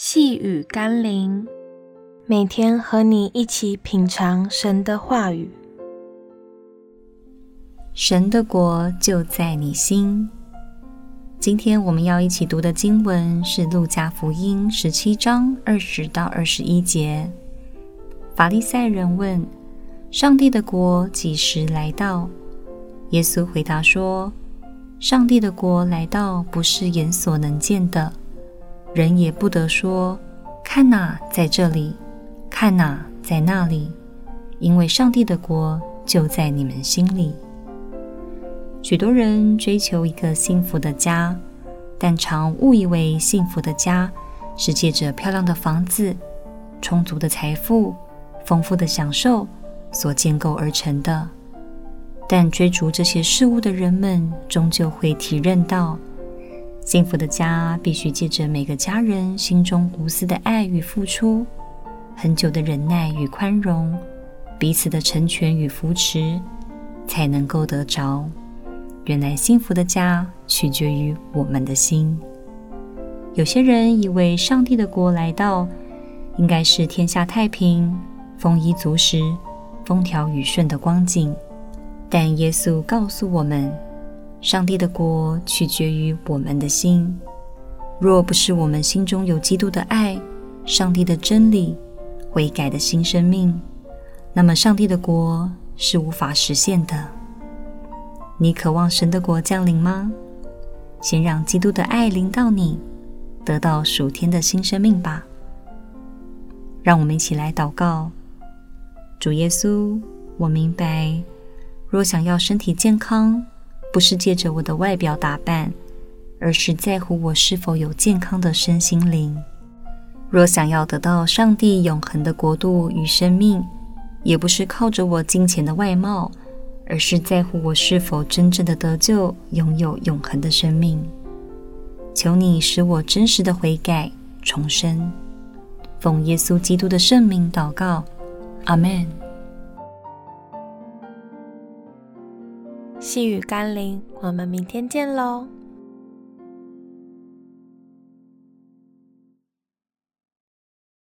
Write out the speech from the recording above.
細語甘霖，每天和你一起品嘗神的話語。神的國就在你心。今天我們要一起讀的經文是《路加福音》十七章二十到二十一節。法利賽人問：“上帝的國幾時來到？”耶穌回答說：“上帝的國來到，不是眼所能見的。”人也不得說：“看哪、啊，在這裡；看哪、啊，在那裡。”因為上帝的國就在你們心裡。許多人追求一個幸福的家，但常誤以為幸福的家是借着漂亮的房子、充足的財富、豐富的享受所建構而成的。但追逐這些事物的人們，終究會體認到。幸福的家必須借着每個家人心中無私的愛與付出，恆久地忍耐與寬容，彼此的成全與扶持，才能夠得着。原來幸福的家取決於我們的心。有些人以為上帝的國來到，應該是天下太平、豐衣足食、風調雨順的光景，但耶穌告訴我們。上帝的國取決於我們的心。若不是我們心中有基督的愛、上帝的真理、悔改的新生命，那麼上帝的國是無法實現的。你渴望神的國降臨嗎？先讓基督的愛臨到你，得到屬天的新生命吧。讓我們一起來禱告：主耶穌，我明白，若想要身體健康。不是借着我的外表打扮，而是在乎我是否有健康的身心靈。若想要得到上帝永恆的國度與生命，也不是靠着我敬虔的外貌，而是在乎我是否真正的得救，擁有永恆的生命。求祢使我真實的悔改重生，奉耶穌基督的聖名禱告，阿門。細語甘霖，我們明天見嘍。